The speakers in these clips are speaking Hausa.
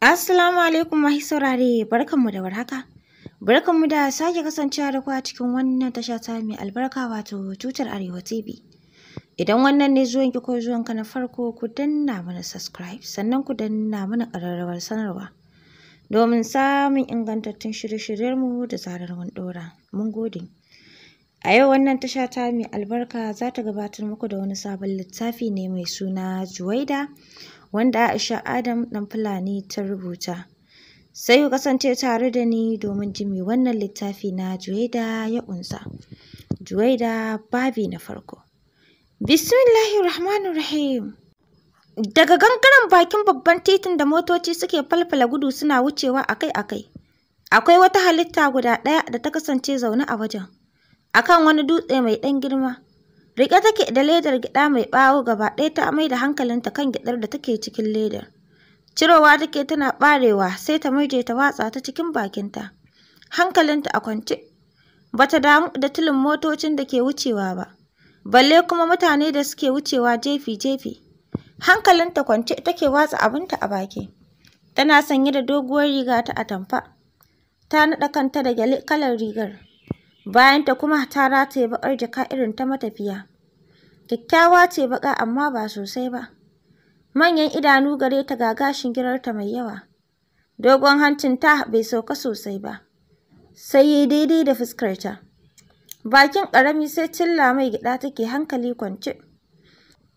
Assalamu alaikum mahi saurare mu da warhaka. Barkanmu da sake kasancewa da ku a cikin wannan tasha ta mai albarka wato tutar Arewa TV. Idan wannan ne zuwan ki ko zuwan ka na farko ku danna mana subscribe sannan ku danna mana ƙararrawar sanarwa. Domin samun ingantattun shirye-shiryenmu da zarar mun ɗora. Mun gode. A yau wannan tasha ta mai albarka za ta gabatar muku da wani sabon littafi ne mai suna Juwaida. wanda Aisha Adam ɗan Fulani ta rubuta. Sai ku kasance tare da ni domin jimi. me wannan littafi na Juwaida ya ƙunsa. Juwaida babi na farko. Bismillahirrahmanirrahim. Daga gangaren bakin babban titin da motoci suke falfala gudu suna wucewa akai-akai. Akwai wata halitta guda ɗaya da ta kasance zaune a wajen, akan wani dutse mai ɗan girma. Rike take da ledar gida mai bawo gaba ɗaya ta mai da hankalinta kan gyaɗar da take cikin ledar. Cirowa take tana ɓarewa sai ta murje ta watsa ta cikin bakinta. Hankalinta a kwance. Bata damu da tulin motocin da ke wucewa ba. Balle kuma mutane da suke wucewa jefi-jefi. Hankalinta kwance take watsa abinta a baki. Tana sanye da doguwar riga ta atamfa. Ta naɗa kanta da gyale kalar rigar. Bayanta kuma ta rataye baƙar jaka irin ta matafiya. Kyakkyawa ce baƙa amma ba sosai ba. Manyan idanu gare ta ga gashin girarta mai yawa. Dogon hancin ta bai sauka sosai ba, sai yi daidai da fuskarta. Bakin ƙarami sai cilla mai gyaɗa take hankali kwance.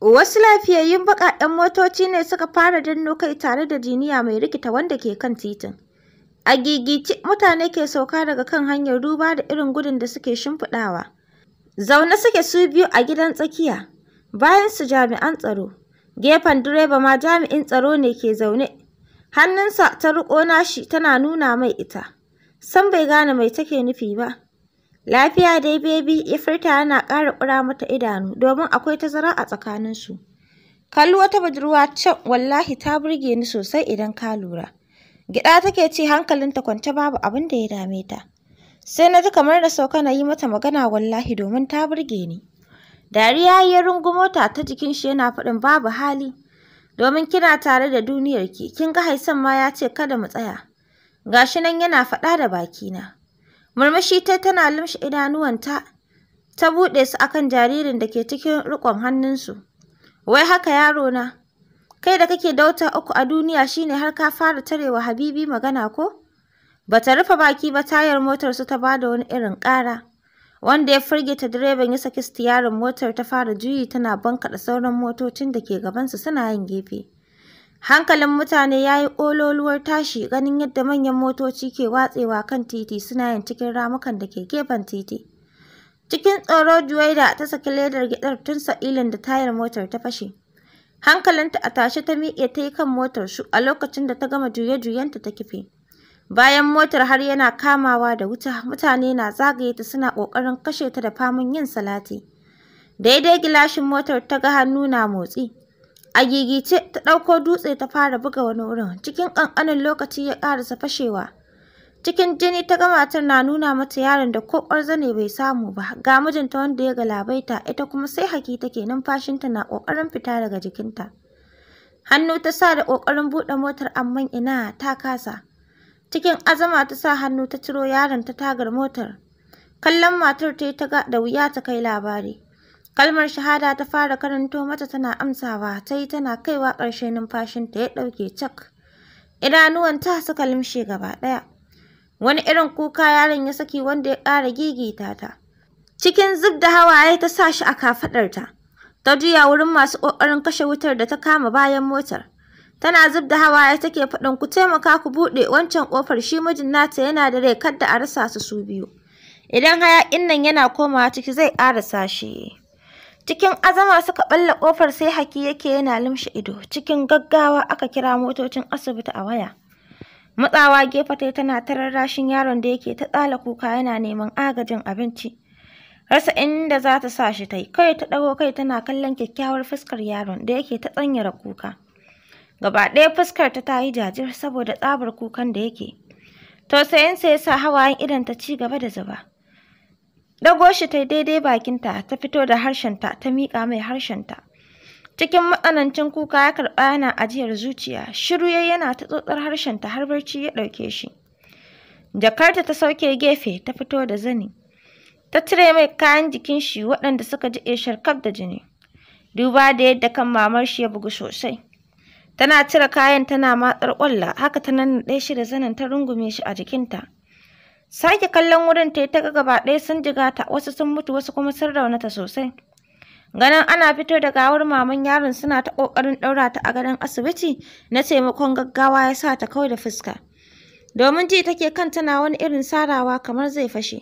Wasu lafiyayyun baƙaƙen motoci ne suka fara danno kai tare da jiniya mai rikita wanda ke kan titin. A gigici, mutane ke sauka daga kan hanyar duba da irin gudun da suke shimfiɗawa. Zaune suke su biyu a gidan tsakiya, bayan su jami'an tsaro. Gefen direba ma jami'in tsaro ne ke zaune. Hannunsa ta riƙo nashi tana nuna mai ita. san bai gane mai take nufi ba. Lafiya dai bebi ya furta yana ƙara ƙura mata idanu domin akwai tazara a tsakaninsu. Kalli wata budurwa can wallahi ta burge ni sosai idan ka lura. Gida take ce hankalinta kwance babu abin da ya dame ta. sai na ji kamar da sauka na yi mata magana wallahi domin ta burge ni. Dariya ya rungumo ta ta jikin shi yana faɗin babu hali, domin kina tare da duniyar ki kin ga Haisan ma ya ce kada mu tsaya. Gashi nan yana faɗa da bakina. Murmushi ta tana lumshe idanuwanta, ta buɗe su akan jaririn da ke cikin riƙon hannunsu. Wai haka yaro na, kai da kake dauta uku a duniya shine har ka fara tarewa Habibi magana ko? Bata rufe baki ba tayar motar su ta bada wani irin ƙara. Wanda ya firgita direban ya saki stiyarin motar ta fara juyi tana bankaɗa sauran motocin da ke gabansu suna yin gefe. Hankalin mutane ya yi ƙololuwar tashi ganin yadda manyan motoci ke watsewa kan titi suna yin cikin ramukan da ke gefen titi. Cikin tsoro Juwaida ta saki ledar gidar tun sa'ilin da tayar motar ta fashe. Hankalinta a tashe ta miƙe ta yi kan motar shu a lokacin da ta gama juye-juyenta ta kife. Bayan motar har yana kamawa da wuta, mutane na zagaye ta suna ƙoƙarin kashe ta da faman yin salati. Daidai gilashin motar ta ga hannu na motsi. A gigice ta ɗauko dutse ta fara buga wani wurin, cikin ƙanƙanin lokaci ya ƙarasa fashewa. Cikin jini ta ga matar na nuna mata yaron da ko zane bai samu ba, ga mijinta wanda ya galabaita, ita kuma sai haki take numfashinta na ƙoƙarin fita daga jikinta. Hannu ta sa da ƙoƙarin buɗe motar amma ina ta kasa. Cikin azama ta sa hannu ta ciro yaron ta tagar motar. Kallon matar ta yi ta ga da wuya ta kai labari. Kalmar shahada ta fara karanto mata tana amsawa, ta yi tana kaiwa ƙarshe numfashinta ya ɗauke cak. Idanuwanta suka limshe gaba ɗaya. Wani irin kuka yaron ya saki wanda ya ƙara gigita ta. Cikin zub da hawaye ta sa shi a kafaɗarta. Ta juya wurin masu ƙoƙarin kashe wutar da ta kama bayan motar. Tana zub da hawaye take faɗin ku taimaka ku buɗe wancan ƙofar shi mijin nata yana da rai kadda a rasa su su biyu. Idan hayaƙin nan yana komawa ciki zai ƙarasa shi. Cikin azama suka ɓalla ƙofar sai haki yake yana limshe ido. Cikin gaggawa aka kira motocin asibiti a waya. Matsawa gefe tai tana tararrashin yaron da yake ta tsala kuka yana neman agajin abinci. Rasa inda za ta sa shi ta yi, kawai ta ɗago kai tana kallon kyakkyawar fuskar yaron da yake ta tsanyara kuka. Gaba ɗaya fuskar ta yi jajir saboda tsabar kukan da yake. Tausayinsa ya sa hawayen idan ta ci gaba da zuba. Dago shi ta daidai bakinta ta fito da harshenta ta miƙa mai harshenta. Cikin matsanancin kuka ya karɓa yana ajiyar zuciya, shiru ya yana ta tsotsar harshenta har barci ya ɗauke shi. Jakarta ta sauke gefe ta fito da zani. Ta cire mai kayan jikin shi waɗanda suka ji ƙishar kaf da jini. Duba da yadda kan mamar shi ya bugu sosai. Tana cire kayan tana matsar ƙwalla, haka ta nannaɗe shi da zanin ta rungume shi a jikinta. Sake kallon wurin ta yi ta gaba ɗaya sun jigata, wasu sun mutu wasu kuma sun raunata sosai. Ganin ana fito da gawar maman yaron suna ta ƙoƙarin ɗaura ta a gadon asibiti na taimakon gaggawa ya sa ta kawai da fuska. Domin ji take kan tana wani irin sarawa kamar zai fashe.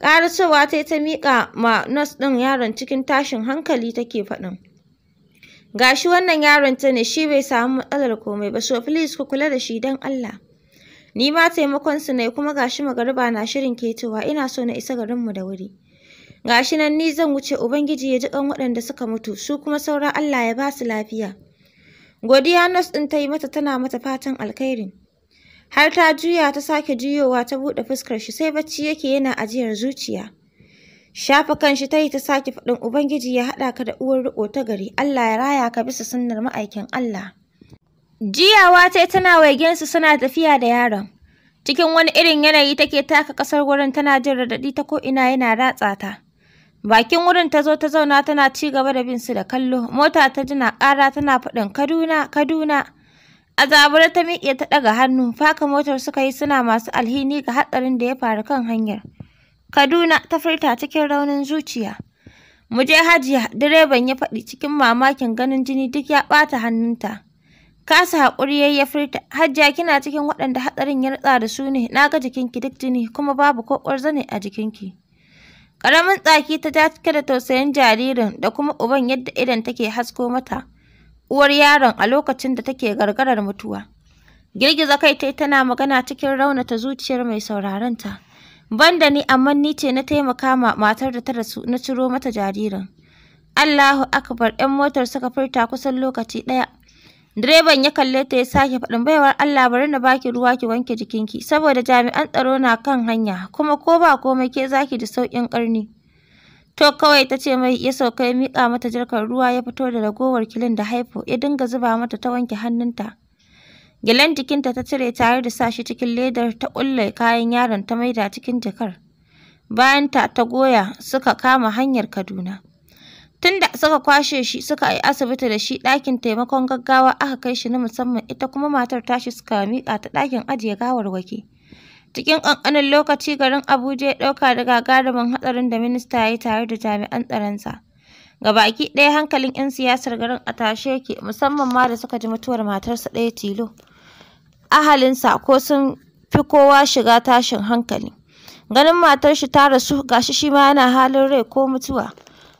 Ƙarasowa ta yi ta miƙa ma nas ɗin yaron cikin tashin hankali take faɗin. gashi wannan yaron ta ne shi bai samu matsalar komai ba so please ku kula da shi don Allah ni ma taimakon su ne kuma gashi magariba na shirin ketowa ina so na isa garin mu da wuri gashi nan ni zan wuce ubangiji ya ji kan waɗanda suka mutu su kuma sauran Allah ya ba su lafiya godiya nas ɗin ta yi mata tana mata fatan alkhairin har ta juya ta sake juyowa ta buɗe fuskar shi sai bacci yake yana ajiyar zuciya Shafa kanshi ta yi ta sake faɗin Ubangiji ya haɗa ka da uwar riƙo ta gari, Allah ya raya ka bisa sunnar ma'aikin Allah. Jiyawa ta tana waigensu suna tafiya da yaron. Cikin wani irin yanayi take taka ƙasar wurin tana jin radaɗi ta ko'ina yana ratsa ta. Bakin wurin ta zo ta zauna tana ci gaba da bin su da kallo, mota ta jina ƙara tana faɗin Kaduna, Kaduna. A zabura ta miƙe ta ɗaga hannu, faka motar suka yi suna masu alhini ga hatsarin da ya faru kan hanyar. Kaduna ta furta cikin raunin zuciya. Mu je Hajiya, direban ya faɗi cikin mamakin ganin jini duk ya ɓata hannunta. Kasa haƙuri yayi ya furta, Hajiya kina cikin waɗanda hatsarin ya rutsa da su ne, na ga jikinki duk jini kuma babu ko ƙwarzane a jikinki. Ƙaramin tsaki ta ja cike da tausayin jaririn da kuma uban yadda idan take hasko mata. Uwar yaron a lokacin da take gargarar mutuwa. Girgiza kai tai tana magana cikin raunata zuciyar mai sauraron ta. banda ni amma ni ce na taimaka ma matar da ta rasu na ciro mata jaririn Allahu akbar ɗan motar suka furta kusan lokaci ɗaya direban ya kalle ta ya sake faɗin baiwar Allah bari na baki ruwa ki wanke jikinki saboda jami'an tsaro na kan hanya kuma ko ba komai ke zaki da sauƙin ƙarni to kawai ta ce mai ya sauka ya miƙa mata jarkar ruwa ya fito da ragowar kilin da haifo ya dinga zuba mata ta wanke hannunta Gilan jikinta ta cire tare da sa shi cikin ledar ta kulle kayan yaron ta maida cikin jakar. Bayan ta ta goya suka kama hanyar Kaduna. Tunda suka kwashe shi suka yi asibiti da shi ɗakin taimakon gaggawa aka kai shi na musamman ita kuma matar tashi suka miƙa ta ɗakin ajiye gawarwaki. Cikin ƙanƙanin lokaci garin Abuja ya ɗauka da gagarumin hatsarin da minista ya yi tare da jami'an tsaronsa. Gabaki ɗaya hankalin 'yan siyasar garin a tashe yake musamman ma da suka ji mutuwar matarsa ɗaya tilo. ahalinsa ko sun fi kowa shiga tashin hankali ganin matar shi ta rasu ga shi ma yana halin rai ko mutuwa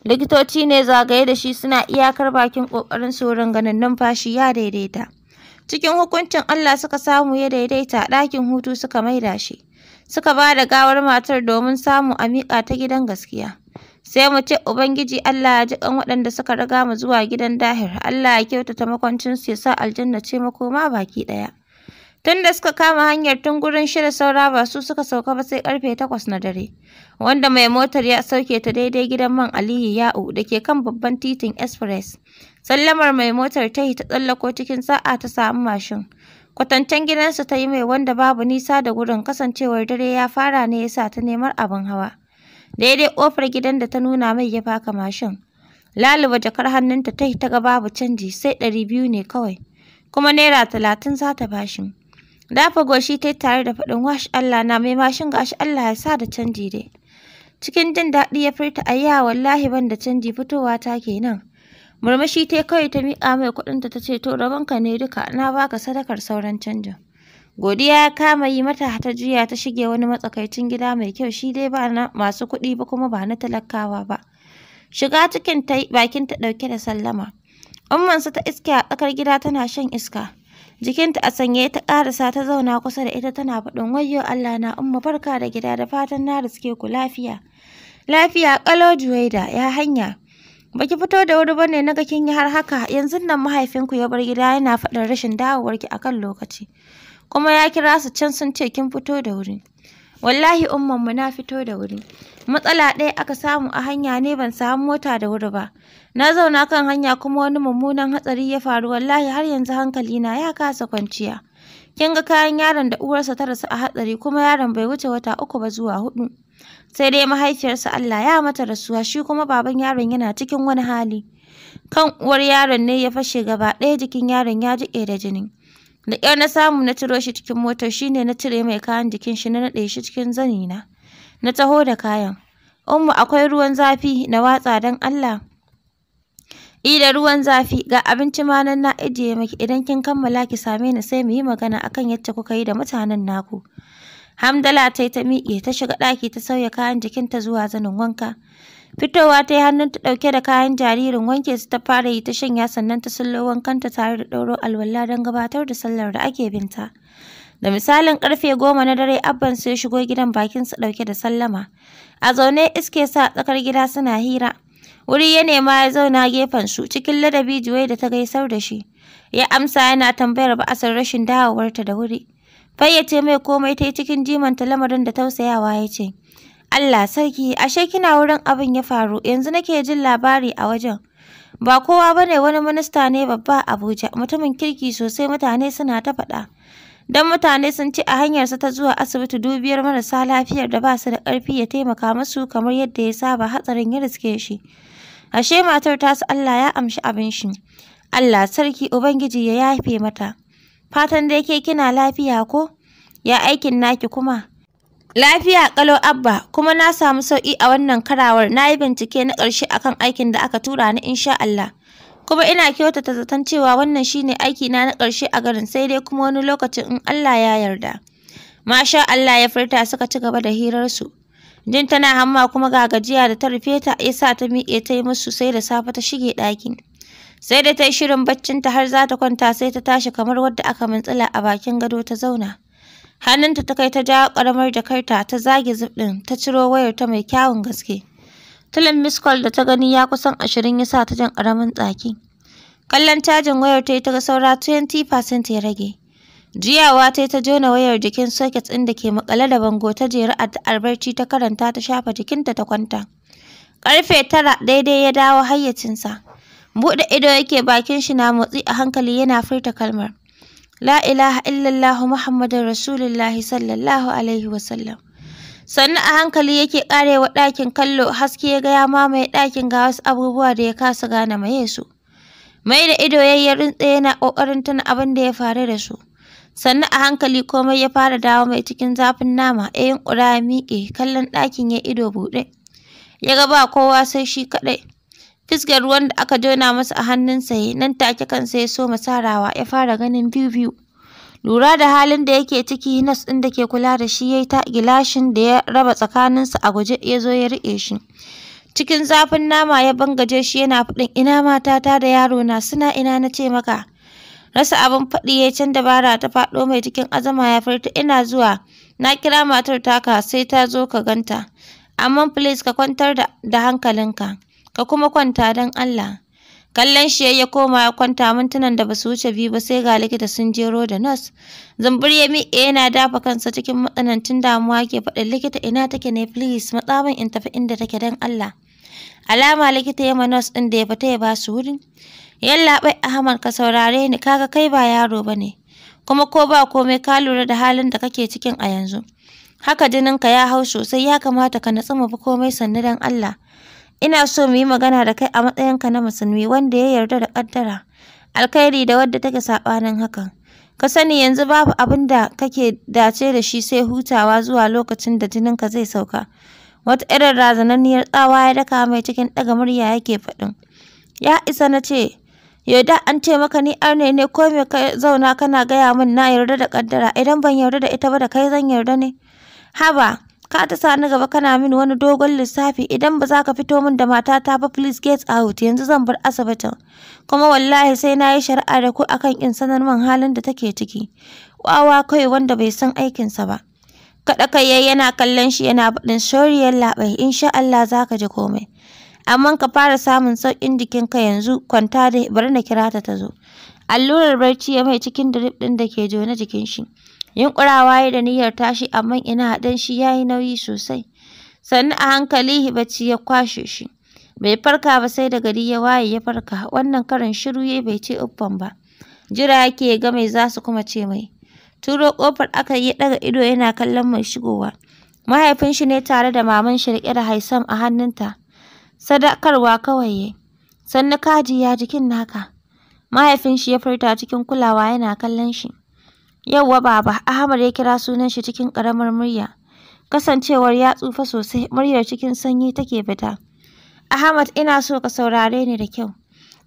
likitoci ne zagaye da shi suna iyakar bakin kokarin su wurin ganin numfashi ya daidaita cikin hukuncin Allah suka samu ya daidaita ɗakin hutu suka maida shi suka ba da gawar matar domin samu a miƙa ta gidan gaskiya sai mu ce ubangiji Allah ya ji kan waɗanda suka riga mu zuwa gidan dahir Allah ya kyautata makwancinsu ya sa aljanna ce makoma baki ɗaya Tun da suka kama hanyar tun gurin shida saura ba su suka sauka ba sai karfe takwas na dare. Wanda mai motar ya sauke ta daidai gidan man Aliyu Ya'u da ke kan babban titin Express. Sallamar mai motar ta yi ta tsallako cikin sa'a ta samu mashin. Kwatancen gidansa ta yi mai wanda babu nisa da gurin kasancewar dare ya fara ne ya sa ta nemar abin hawa. Daidai kofar gidan da ta nuna mai ya faka mashin. Laluba jakar hannunta ta yi ta ga babu canji sai ɗari biyu ne kawai. Kuma naira talatin za ta bashi. Dafa goshi ta tare da faɗin wash Allah na mai mashin gashi Allah ya sa da canji dai. Cikin jin daɗi ya furta ayya wallahi ban da canji fitowa ta ke nan. Murmushi ta kawai ta miƙa mai kuɗin ta ce to ka ne duka na baka sadakar sauran canjin. Godiya ya kama yi mata ta juya ta shige wani matsakaicin gida mai kyau shi dai ba na masu kuɗi ba kuma ba na talakawa ba. Shiga cikin ta bakin ta ɗauke da sallama. Ummansa ta iske a tsakar gida tana shan iska. Jikinta a sanye ta ƙarasa ta zauna kusa da ita tana faɗin wayyo Allah na umma barka da gida da fatan na riske ku lafiya. Lafiya ƙalo Juwaida ya hanya. Baki fito da wuri bane naga kin yi har haka yanzu nan mahaifinku ya bar gida yana faɗin rashin dawowarki a kan lokaci. Kuma ya kira su can sun ce kin fito da wuri. Wallahi umman mu na fito da wuri. Matsala ɗaya aka samu a hanya ne ban samu mota da wuri ba. Na zauna kan hanya kuma wani mummunan hatsari ya faru wallahi har yanzu hankali na ya kasa kwanciya. Kin ga kayan yaron da uwarsa ta rasu a hatsari kuma yaron bai wuce wata uku ba zuwa hudu. Sai dai mahaifiyarsa Allah ya mata rasuwa shi kuma baban yaron yana cikin wani hali. Kan uwar yaron ne ya fashe gaba ɗaya jikin yaron ya jiƙe da jini. Da ƙyar na samu na ciro shi cikin motar shi ne na cire mai kayan jikin shi na naɗe shi cikin zani na. Na taho da kayan. Ummu akwai ruwan zafi na watsa don Allah. I da ruwan zafi ga abinci ma na ajiye miki idan kin kammala ki same ni sai mu yi magana akan yadda kuka yi da mutanen naku. Hamdala ta yi ta miƙe ta shiga ɗaki ta sauya kayan jikinta zuwa zanin wanka. Fitowa ta yi ta ɗauke da kayan jaririn wanke su ta fara yi ta shanya sannan ta sullo wankanta tare da ɗauro alwala don gabatar da sallar da ake binta. Da misalin ƙarfe goma na dare abban su ya shigo gidan bakin su ɗauke da sallama. A zaune iske sa tsakar gida suna hira. Wuri ya nema ya zauna gefen su cikin ladabi juye da ta gaisar da shi. Ya amsa yana tambayar ba'asar rashin dawowarta da wuri. ce mai komai ta yi cikin jimanta lamarin da tausayawa ya ce, Allah sarki, ashe kina wurin abin ya faru, yanzu nake jin labari a wajen. Ba kowa ba ne wani minista ne babba Abuja, mutumin kirki sosai mutane suna ta faɗa. Don mutane sun ci a hanyarsa ta zuwa asibiti dubiyar marasa lafiyar da ba su da ƙarfi ya taimaka musu kamar yadda ya saba hatsarin ya riske shi. ashe matar ta su Allah ya amshi abin shi Allah sarki ubangiji ya yafe mata fatan dai ke kina lafiya ko ya aikin naki kuma Lafiya kalo Abba, kuma na samu sauki a wannan karawar na yi bincike na ƙarshe akan aikin da aka tura ni insha Allah. Kuma ina kyautata zaton cewa wannan shine aiki na na ƙarshe a garin sai dai kuma wani lokacin in Allah ya yarda. Masha Allah ya furta suka ci gaba da hirarsu. Jin tana hamma kuma ga gajiya da ta rufe ta ya sa ta miƙe ta yi musu sai da safe ta shige ɗaki. Sai da ta yi shirin baccinta har za ta kwanta sai ta tashi kamar wadda aka mintsila a bakin gado ta zauna. Hannunta ta kai ta ja ƙaramar jakarta ta zage zip ɗin ta ciro wayar ta mai kyawun gaske. Tulin miskol da ta gani ya kusan ashirin ya sa ta jan ƙaramin tsaki. Kallon cajin wayar ta yi ta ga saura 20% ya rage. Jiyawa ta ta jona wayar jikin soket ɗin da ke makale da bango ta jeri addu'ar barci ta karanta ta shafa jikinta ta kwanta. Ƙarfe tara daidai ya dawo hayyacinsa. Buɗe ido yake bakin shi na motsi a hankali yana furta kalmar. La ilaha illallah Muhammadu Rasulullahi sallallahu alaihi sallam. Sannan a hankali yake karewa ɗakin kallo haske ya gaya mamaye ɗakin ga wasu abubuwa da ya kasa gane maye su. Mai da ido yayi ya rintse yana ƙoƙarin tuna abin da ya faru da su. sannu a hankali komai ya fara dawo mai cikin zafin nama ya ƙura ya miƙe kallon ɗakin ya ido buɗe ya ga ba kowa sai shi kaɗai Fisgar ruwan da aka jona masa a hannunsa ya nan take kansa ya so masarawa ya fara ganin biyu biyu lura da halin da yake ciki nas ɗin da ke kula da shi ya yi ta gilashin da ya raba tsakaninsa a guje ya zo ya riƙe shi cikin zafin nama ya bangaje shi yana faɗin ina matata da yaro na suna ina na ce maka Rasa abin faɗi ya can dabara ta faɗo mai cikin azama ya furta ina zuwa. Na kira matar taka sai ta zo ka ganta. Amma please ka kwantar da hankalinka. Ka kuma kwanta don Allah. Kallon shi ya koma ya kwanta mintunan da basu wuce biyu ba sai ga likita sun jero da nas. Zumbur ya miƙe yana dafa kansa cikin matsanancin damuwa ke faɗin likita ina take ne please Matsamin in tafi inda take don Allah. Alama likita ya ma nas ɗin da ya fita ya ba su wurin. yallaɓai ahmad ka saurare ni kaga kai ba yaro bane kuma ko ba komai ka lura da halin da kake cikin a yanzu haka jininka ya hau sosai ya kamata ka natsu mu bi komai sannu dan allah ina so mu yi magana da kai a matsayin ka na musulmi wanda ya yarda da kaddara alkhairi da wadda take saɓanin hakan ka sani yanzu babu abin da kake dace da shi sai hutawa zuwa lokacin da jinin ka zai sauka wata irin razananniyar tsawa ya daka mai cikin ɗaga murya yake faɗin ya isa na ce Yauda an ce maka ni arne ne ko me ka zauna kana gaya min na yarda da kaddara idan ban yarda da ita ba da kai zan yarda ne. Haba ka ta sa ni gaba kana min wani dogon lissafi idan ba za ka fito min da matata ba please get out yanzu zan bar asibitin kuma wallahi sai na yi shari'a da ku akan in sanar man halin da take ciki wawa kai wanda bai san aikinsa ba kaɗa kai yana kallon shi yana faɗin shoriyar labai insha Allah za ka ji komai amma ka fara samun sauƙin ka yanzu kwanta da bari na kira ta ta zo allurar barci ya mai cikin drip ɗin da ke jone jikin shi yunƙurawa waye da niyyar tashi amma ina haɗin shi ya yi nauyi sosai sannan a hankali bacci ya kwashe shi bai farka ba sai da gari ya waye ya farka wannan karin shiru ya bai ce uffan ba jira yake ga mai za su kuma ce mai turo kofar aka yi daga ido yana kallon mai shigowa mahaifin shi ne tare da maman shi da Haisam a hannunta sadakarwa kawai yayi sannu kaji ya jikin naka mahaifin shi ya furta cikin kulawa yana kallon shi yauwa baba ahmad ya kira sunan shi cikin karamar murya kasancewar ya tsufa sosai muryar cikin sanyi take fita ahmad ina so ka saurare ni da kyau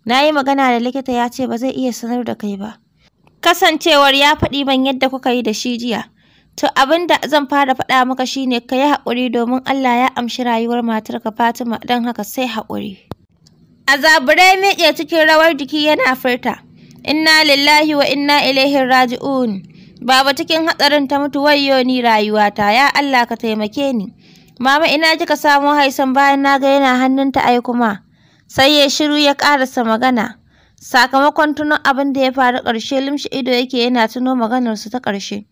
na yi magana da likita ya ce ba zai iya sanar da kai ba kasancewar ya faɗi ban yadda kuka yi da shi jiya To abin da zan fara faɗa maka shine ka yi haƙuri domin Allah ya amshi rayuwar matarka Fatima don haka sai haƙuri. A zaburai miƙe cikin rawar jiki yana furta. Inna lillahi wa inna ilaihi raji'un. Baba cikin hatsarin ta mutu wayo ni rayuwata ya Allah ka taimake ni. Mama ina kika samo haisan bayan na ga yana hannun ta ai kuma. Sai ya shiru ya ƙarasa magana. sakamakon tunan abin da ya faru ƙarshe limshi ido yake yana tuno maganarsu ta ƙarshe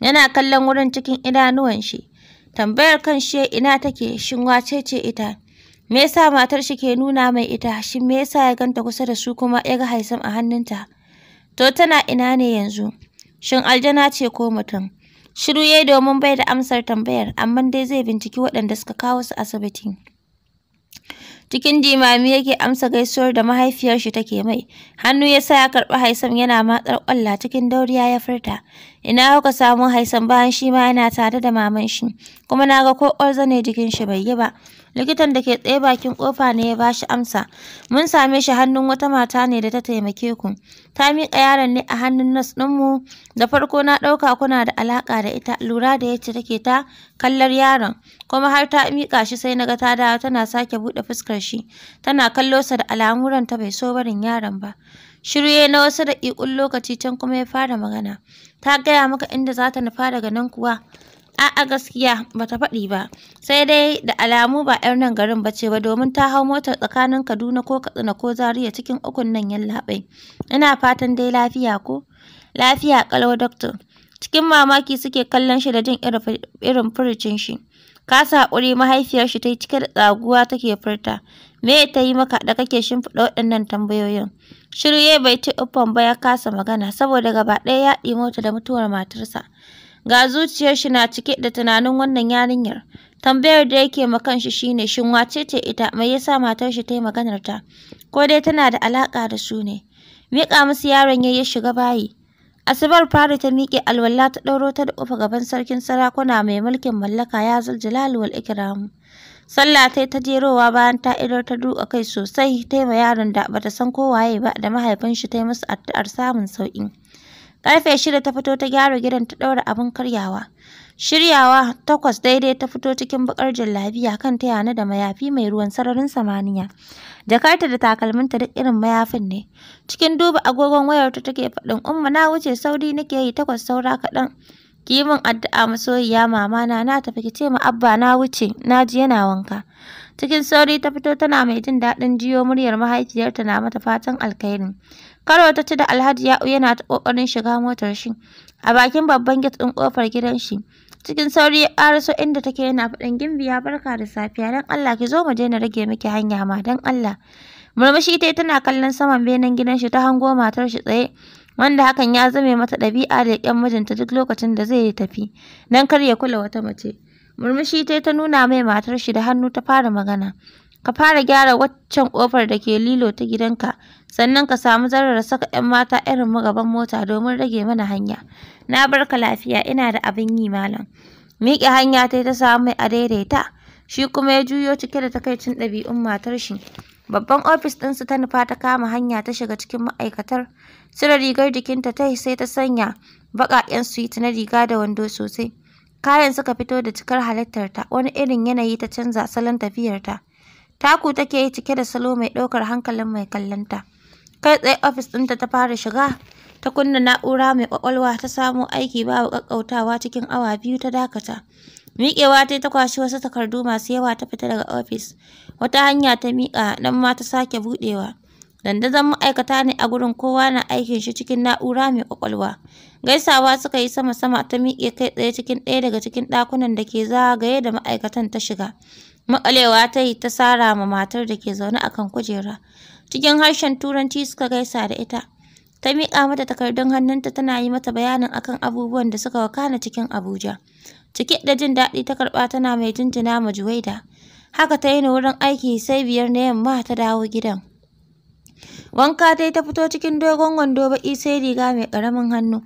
Yana kallon wurin cikin idanuwan shi. Tambayar kan shi ina take, shin wace ce ita? Me yasa matar shi ke nuna mai ita? Shin me yasa ya ganta kusa da su kuma ya ga Haisam a hannunta? To tana ina ne yanzu? Shin aljana ce ko mutum? Shiru yayi domin bai da amsar tambayar, amma dai zai binciki waɗanda suka kawo su asibiti. Cikin jimami yake amsa gaisuwar da mahaifiyar shi take mai. Hannu ya sa ya karɓi Haisam yana matsar ƙwalla cikin dauriya ya furta. Ina kuka samu haisan bayan shi ma yana tare da maman shi, kuma na ga ko ne jikin shi bai yi ba. Likitan da ke tsaye bakin kofa ne ya bashi amsa. Mun same shi hannun wata mata ne da ta taimake ku. Ta miƙa yaron ne a hannun nas ɗinmu. Da farko na ɗauka kuna da alaƙa da ita, lura da yacce take ta kallar yaron. Kuma har ta miƙa shi sai na ga ta dawo tana sake buɗe fuskar shi. Tana kallo sa da alamuranta ranta bai so barin yaron ba. Shiruye na wasu daƙiƙun lokaci can kuma ya fara magana. ta gaya maka inda za ta nufa daga nan kuwa a'a gaskiya bata faɗi ba sai dai da alamu ba 'yar nan garin ba ce ba domin ta hau motar tsakanin kaduna ko katsina ko zaria cikin ukun nan yallaɓai ina fatan dai lafiya ko lafiya ƙalau doctor cikin mamaki suke kallon shi da jin irin furucin shi kasa haƙuri mahaifiyar shi ta yi cike da tsaguwa take furta Me ta yi maka da kake shimfiɗa waɗannan tambayoyin? Shirye bai ci uffan ba ya kasa magana saboda gaba ɗaya ya ɗi mota da mutuwar matarsa. Ga zuciyar shi na cike da tunanin wannan yarinyar. Tambayar da yake ma kanshi shine shin wace ce ita mai yasa matar shi ta yi maganar ta? Ko dai tana da alaƙa da su ne? Miƙa musu yaron ya yi shiga bayi. Asabar fari ta miƙe alwala ta ɗauro ta da ƙofa gaban sarkin sarakuna mai mulkin mallaka ya zal jalalu wal ikramu. Sallah ta ta jerowa bayan ta idar ta duka kai sosai ta yi ma yaron da bata san ko waye ba da mahaifin shi ta yi musu addu'ar samun sauki Karfe shida ta fito ta gyara gidan ta daura abin karyawa. Shiryawa takwas daidai ta fito cikin bakar jallabiya kan ta yana da mayafi mai ruwan sararin samaniya. Jakarta da takalminta duk irin mayafin ne. Cikin duba agogon wayarta take faɗin umma na wuce sauri nake yi takwas saura kaɗan. ki yi min addu'a masoyiya mama na na tafi ki ce ma abba na wuce na ji yana wanka cikin sauri ta fito tana mai jin daɗin jiyo muryar mahaifiyarta na mata fatan alkhairi karo ta ci da alhaji ya'u yana ta ƙoƙarin shiga motar shi a bakin babban gate din ƙofar gidan shi cikin sauri ya ƙaraso inda take yana faɗin gimbiya, barka da safiya don Allah ki zo mu je na rage miki hanya ma don Allah murmushi ta tana kallon saman benen gidan shi ta hango matar shi tsaye wanda hakan ya zame mata ɗabi'a da ƙyan mijinta duk lokacin da zai tafi don kar ya kula wata mace. Murmushi ta ta nuna mai matar shi da hannu ta fara magana. Ka fara gyara waccan kofar da ke lilo ta gidanka, sannan ka samu zarar saka 'yan mata irin mu gaban mota domin rage mana hanya. Na barka lafiya ina da abin yi malam. Miƙe hanya ta ta samu mai adaidaita. shi kuma ya juyo cike da takaicin ɗabi'un matar shi. Babban ofis ɗinsu ta nufa ta kama hanya ta shiga cikin ma'aikatar Cire rigar jikinta ta yi sai ta sanya baƙaƙen suit na riga da wando sosai. Kayan suka fito da cikar ta wani irin yanayi ta canza salon tafiyarta. Taku take yi cike da salo mai ɗaukar hankalin mai kallonta. Kai tsaye ofis ɗinta ta fara shiga, ta kunna na'ura mai ƙwaƙwalwa ta samo aiki babu ƙaƙƙautawa cikin awa biyu ta dakata. Miƙewa ta ta kwashi wasu takardu masu yawa ta fita daga ofis. Wata hanya ta miƙa nan ma ta sake buɗewa. Dandazon ma'aikata ne a gurin kowa na aikin shi cikin na'ura mai kwakwalwa Gaisawa suka yi sama-sama ta miƙe kai tsaye cikin ɗaya daga cikin ɗakunan da ke zagaye da ma'aikatan ta shiga. Maƙalewa ta yi ta sara ma matar da ke zaune akan kujera. Cikin harshen Turanci suka gaisa da ita. Ta miƙa mata takardun hannunta tana yi mata bayanin akan abubuwan da suka wakana cikin Abuja. Cike da jin daɗi ta karɓa tana mai jinjina ma Juwaida. Haka ta yi wurin aiki sai biyar na yamma ta dawo gidan. Wanka dai ta fito cikin dogon wando baƙi sai riga mai ƙaramin hannu.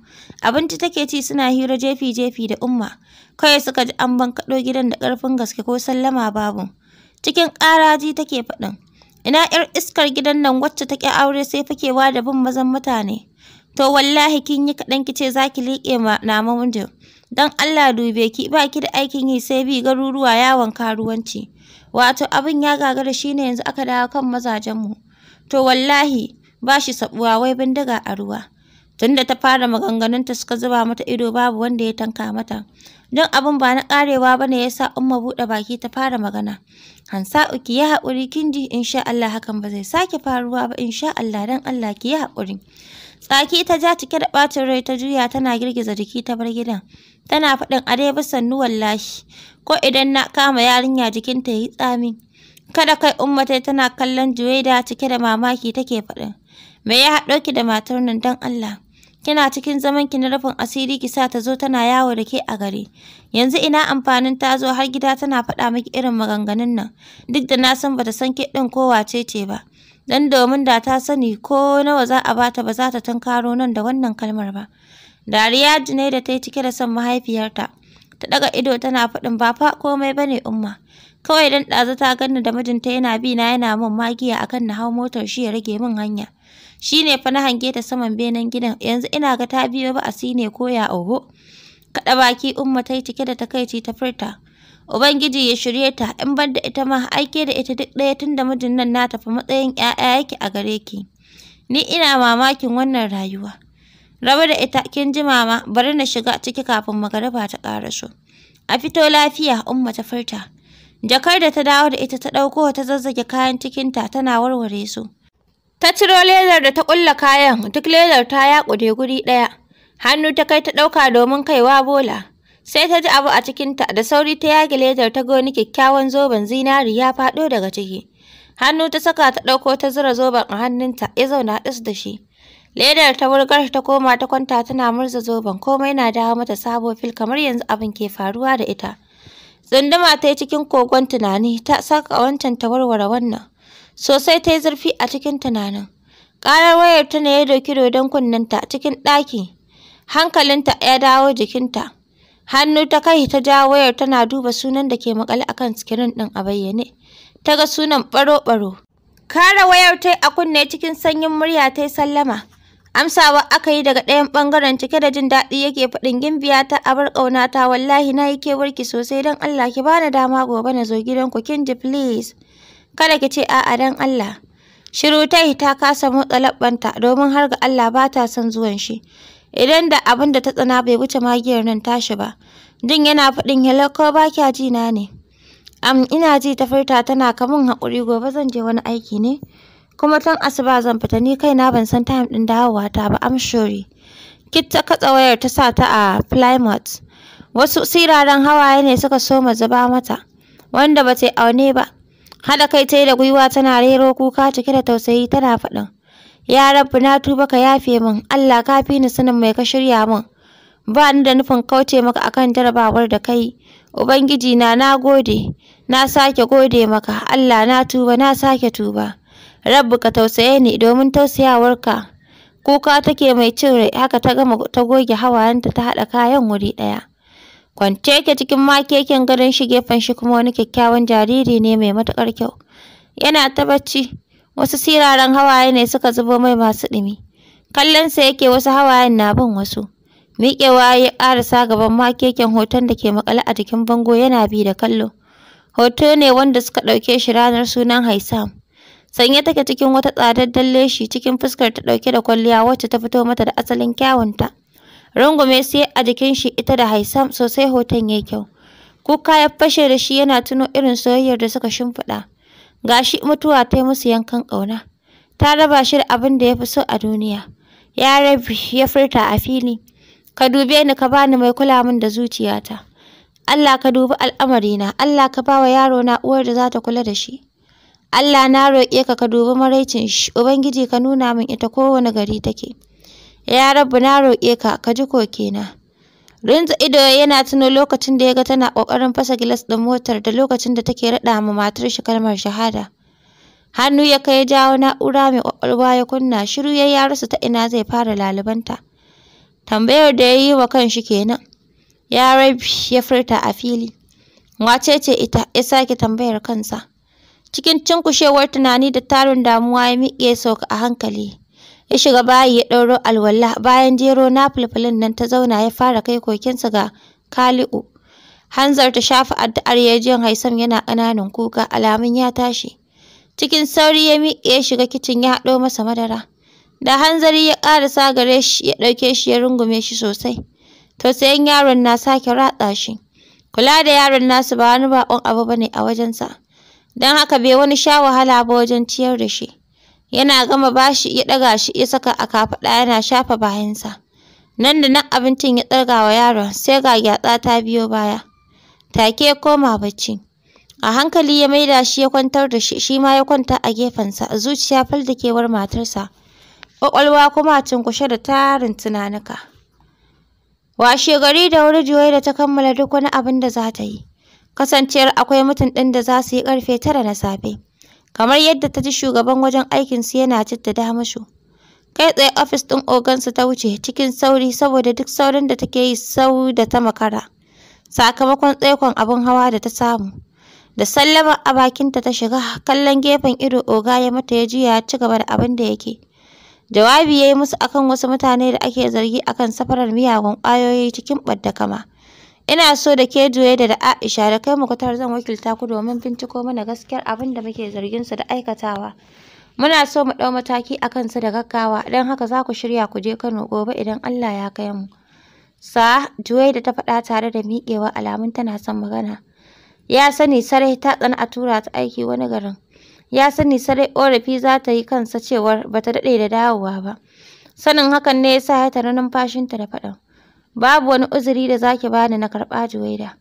Abinci take ci suna hira jefi-jefi da umma. Kawai suka ji an bankaɗo gidan da ƙarfin gaske ko sallama babu. Cikin ƙaraji take faɗin. Ina 'yar iskar gidan nan wacce ta aure sai fakewa da bin mazan mutane. To wallahi kin yi kaɗan ki ce za ki liƙe ma nama Don Allah dube ki ba ki da aikin yi sai bi garuruwa yawon karuwanci. Wato abin ya gagara shine yanzu aka dawo kan mazajenmu. to wallahi ba shi sabuwa wai bindiga a ruwa tunda ta fara maganganunta suka zuba mata ido babu wanda ya tanka mata don abin ba na karewa ba ne yasa umma buɗe baki ta fara magana hansa uki ya haƙuri kin insha Allah hakan ba zai sake faruwa ba insha Allah dan Allah ki ya haƙuri tsaki ta ja cike da ɓacin rai ta juya tana girgiza jiki ta bar gidan tana faɗin a dai bisan wallahi ko idan na kama yarinya jikinta ya yi tsami Kada kai Umma ta tana kallon Juwaida cike da mamaki take faɗin. Me ya haɗo ki da matar nan don Allah? Kina cikin zaman ki na rufin asiri ki sa ta zo tana yawo da ke a gari. Yanzu ina amfanin ta zo har gida tana faɗa miki irin maganganun nan. Duk da na san bata san ke ɗin ko wace ce ba. Dan domin da ta sani ko nawa za a bata ba za ta tunkaro nan da wannan kalmar ba. Dariya da ta yi cike da son mahaifiyarta. Ta ɗaga ido tana faɗin ba fa komai bane umma. Kawai dan ɗazu ta ganni da mijinta yana bi na yana min magiya akan na hau motar shi ya rage min hanya. Shi ne fa na hange ta saman benen gidan yanzu ina ga ta biyo ba asi ne ko ya oho. Kaɗa baki umma ta yi cike da takaici ta furta. Ubangiji ya shirye ta in ban da ita ma aike da ita duk ɗaya tun da mijin nan na tafi matsayin ‘ya'ya yake a gare ki. Ni ina mamakin wannan rayuwa. Raba da ita kin ji mama bari na shiga ciki kafin magariba ta ƙaraso. A fito lafiya umma ta furta. Jakar da ta dawo da ita ta ɗauko ta zazzage kayan cikinta tana warware su. Ta ciro ledar da ta ƙulla kayan, duk ledar ta yaƙude guri ɗaya. Hannu ta kai ta ɗauka domin kaiwa bola. Sai ta ji abu a cikinta da sauri ta yage ledar ta goni kyakkyawan zoben zinari ya faɗo daga ciki. Hannu ta saka ta ɗauko ta zura zoben a hannunta ya zauna ɗis da shi. Ledar ta wurgar ta koma ta kwanta tana murza zoben komai na dawo mata sabo fil kamar yanzu abin ke faruwa da ita. Tsunduma ta yi cikin kogon tunani ta saka wancan ta warware wannan. Sosai ta yi zurfi a cikin tunanin. Ƙarar wayar ta ne ya doki dodon kunnenta cikin ɗaki. Hankalinta ya dawo jikinta. Hannu ta kai ta jawo wayar tana duba sunan da ke maƙale akan sikirin ɗin a bayyane. Ta ga sunan ɓaro-ɓaro. Kara wayar ta a kunne cikin sanyin murya ta yi sallama. Amsawa aka yi daga ɗayan ɓangaren cike da jin daɗi yake faɗin gimbiya ta abar ta, wallahi na yi kewarki sosai don Allah ki bani dama gobe na zo ku kinji please. Kada ki ce a'a don Allah. Shirutai ta kasa motsa labbanta domin har ga Allah ba ta son zuwan shi. Idan da abin da ta tsana bai wuce magiyar nan tashi ba. Jin yana faɗin hello ko ba kya ji na ne. Am ina ji ta furta tana kamun haƙuri gobe zan je wani aiki ne. kuma tun asuba zan fita ni kaina ban san time ɗin ta ba am sure kit ta katsa wayar ta sa ta a plymouth wasu siraran hawaye ne suka so soma zuba mata wanda ba ta aune ba haɗa kai ta da gwiwa tana rero kuka cike da tausayi tana faɗin ya rabbi na tuba ka yafe min allah ka fi ni sanin mai ka shirya min ba ni da nufin kauce maka akan jarabawar da kai ubangiji na na gode na sake gode maka allah na tuba na sake tuba Rabbu ka tausaye ni domin tausayawarka. Kuka take mai cin rai haka ta gama ta goge hawayenta ta haɗa kayan wuri ɗaya. Kwance ke cikin makekin garin shi gefen shi kuma wani kyakkyawan jariri ne mai matuƙar kyau. Yana ta bacci. Wasu siraran hawaye ne suka zubo mai masu ɗumi. Kallonsa yake wasu hawayen na bin wasu. Miƙewa ya sa gaban makekin hoton da ke maƙale a jikin bango yana bi da kallo. Hoto ne wanda suka ɗauke shi ranar sunan Haisam. Sanye take cikin wata dalle leshi cikin fuskar ta ɗauke da kwalliya wacce ta fito mata da asalin kyawunta. Rungume sai a jikin shi ita da Haisam sosai hoton yayi kyau. Kuka ya fashe da shi yana tuno irin soyayyar da suka shimfiɗa. Gashi mutuwa ta yi musu yankan kauna Ta raba shi da abin da ya fi so a duniya. Ya rabi ya furta a fili. Ka dube ni ka bani mai kula min da zuciyata. Allah ka dubi al'amarina, Allah ka ba wa yarona uwar da za ta kula da shi. Allah na roƙe ka ka dubi maraicin shi ubangiji ka nuna min ita kowane gari take ya rabu na roƙe ka ka ji kokena Rinza ido yana tuno lokacin da ya ga tana ƙoƙarin fasa gilas ɗin motar da lokacin da take raɗa ma matar shi kalmar shahada hannu ya kai jawo na'ura mai ƙwaƙwalwa ya kunna shiru ya ya rasa ta ina zai fara lalubanta tambayar da ya yi wa kanshi kenan ya rabi ya furta a fili wace ce ita ya sake tambayar kansa Cikin cunkushewar tunani da tarin damuwa ya miƙe sau a hankali. Ya shiga bayi ya ɗauro alwala bayan jero na filfilin nan ta zauna ya fara kai kokinsa ga Kali'u. Hanzar ta shafa addu'ar ya jin Haisam yana ƙananan kuka alamun ya tashi. Cikin sauri ya miƙe ya shiga kicin ya haɗo masa madara. Da hanzari ya ƙarasa gare shi ya ɗauke shi ya rungume shi sosai. Tausayin yaron na sake ratsa shi. Kula da yaron nasu ba wani baƙon abu bane a wajensa. don haka bai wani sha wahala ba wajen ciyar da shi yana gama bashi ya ɗaga shi ya saka a kafaɗa yana shafa bayansa nan da nan abincin ya tsarga wa yaron sai ga gyatsa ta biyo baya take ya koma bacci a hankali ya maida shi ya kwantar da shi shi ma ya kwanta a gefensa a zuciya fal da kewar matarsa ƙwaƙwalwa kuma a cunkushe da tarin tunanuka washe gari da wuri juwai da ta kammala duk wani abin da za ta yi kasancewar akwai mutum ɗin da za su yi ƙarfe tara na safe kamar yadda ta ji shugaban wajen aikinsu yana jaddada musu kai tsaye ofis ɗin ogansu ta wuce cikin sauri saboda duk saurin da take yi sau da ta makara sakamakon tsaikon abin hawa da ta samu da sallama a bakinta ta shiga kallon gefen ido oga ya mata ya juya ya ci gaba da abin da yake jawabi ya yi musu akan wasu mutane da ake zargi akan safarar miyagun ƙwayoyi cikin ɓadda kama Ina so da ke juye da Aisha da kai mu kwatar zan wakilta ku domin binciko mana gaskiyar abin da muke zargin su da aikatawa. Muna so mu ɗau mataki a kansa da gaggawa, dan haka za ku shirya ku je Kano gobe idan Allah ya kai mu. Sa, da ta faɗa tare da miƙewa alamun tana son magana. Ya sani sarai ta tsana a tura ta aiki wani garin. Ya sani sarai ƙorafi za ta yi kansa cewar bata ta daɗe da dawowa ba. Sanin hakan ne ya sa ya numfashinta da faɗan. Babu wani uzuri da zaki bani na karɓa Juwaida.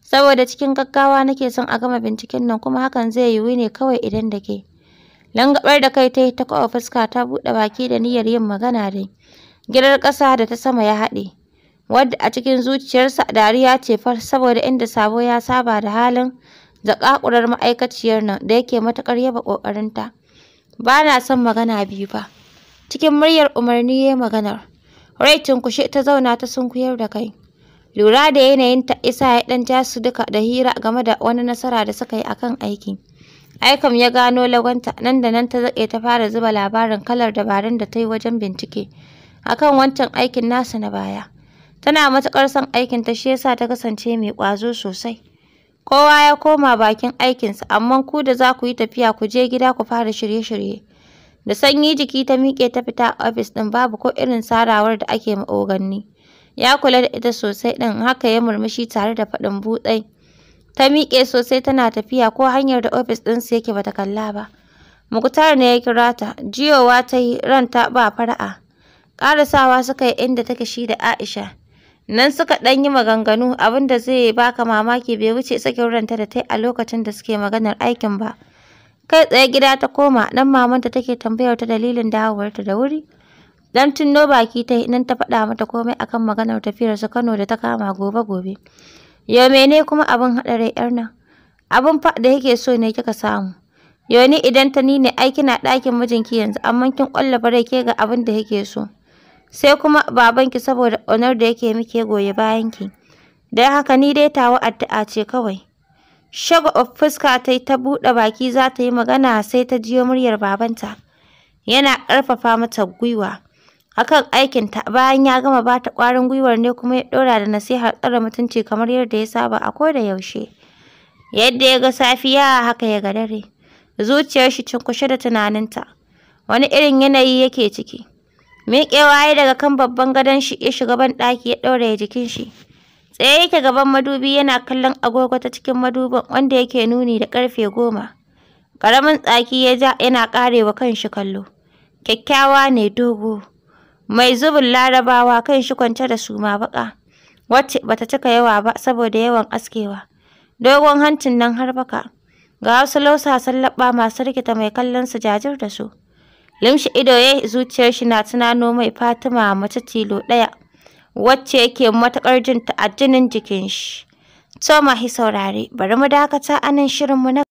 Saboda cikin gaggawa nake son a gama binciken nan kuma hakan zai yiwu ne kawai idan da ke. Langabar da kai ta ta kawo fuska ta buɗe baki da niyyar yin magana dai. Girar ƙasa da ta sama ya haɗe. Wadda a cikin zuciyarsa dariya ce far saboda inda sabo ya saba da halin zakakurar ma'aikaciyar nan da yake matuƙar yaba ƙoƙarinta. Ba na son magana biyu ba. Cikin muryar umarni ya yi maganar. Rai kushe ta zauna ta sunkuyar da kai. Lura da yanayin ta isa ya ɗan ja su duka da hira game da wani nasara da suka yi a kan aiki. Aikam ya gano lagwanta nan da nan ta zaƙe ta fara zuba labarin kalar dabarun da ta yi wajen bincike a kan wancan aikin nasa na baya. Tana matuƙar son aikin ta shi yasa ta kasance mai ƙwazo sosai. Kowa ya koma bakin aikinsa amma ku da za ku yi tafiya ku je gida ku fara shirye-shirye. Da sanyi jiki ta miƙe ta fita a ofis ɗin babu ko irin sarawar da ake ma'oganni. Ya kula da ita sosai ɗin haka ya murmushi tare da faɗin butsai. Ta miƙe sosai tana tafiya ko hanyar da ofis ɗinsu yake bata kalla ba. Muktar ne ya kira ta, jiyowa ta yi ta ba fara'a. Ƙarasawa suka yi inda take shi da Aisha. Nan suka ɗan yi maganganu abinda zai baka mamaki bai wuce sakin ranta da ta a lokacin da suke maganar aikin ba. Kai tsaye gida ta koma, dan mamanta take tambayar ta dalilin dawowarta da wuri. Dan tunno baki ta nan ta faɗa mata komai akan maganar tafiyar su Kano da ta kama gobe gobe. Yau mene kuma abin haɗa yar nan? Abin fa da yake so ne kika samu. yo ni idan ta ni ne ai kina ɗakin mijinki yanzu amma kin ƙwallafa rai ke ga abin da yake so. sai kuma babanki saboda onar da yake muke goye bayanki. dan haka ni dai tawa addu'a ce kawai. of fuska ta yi ta buɗe baki za ta yi magana sai ta jiyo muryar babanta yana ƙarfafa mata gwiwa akan aikinta bayan ya gama ba ta ƙwarin gwiwar ne kuma ya ɗora da nasihar tsare mutunci kamar yadda ya saba a koda yaushe yadda ya ga safiya haka ya ga dare zuciyar shi cinkushe da tunaninta wani irin yanayi yake ciki miƙewa ya daga kan babban gadon shi ya shiga ban ɗaki ya ɗaure jikin shi Tsaye yake gaban madubi yana kallon agogo ta cikin madubin wanda yake nuni da karfe goma. Ƙaramin tsaki ya ja yana kan shi kallo. Kyakkyawa ne dogo. Mai zubin larabawa kan shi kwance da suma baka. Wacce bata cika yawa ba saboda yawan askewa. Dogon hancin nan har baka. Ga wasu lausasan laɓa masu rikita mai kallon su jajir da su. Limshi ido ya zuciyar shi na tunano mai Fatima mace tilo ɗaya. wacce yake matuƙar jin ta jikin shi. Toma hi saurare, bari mu dakata a nan shirinmu na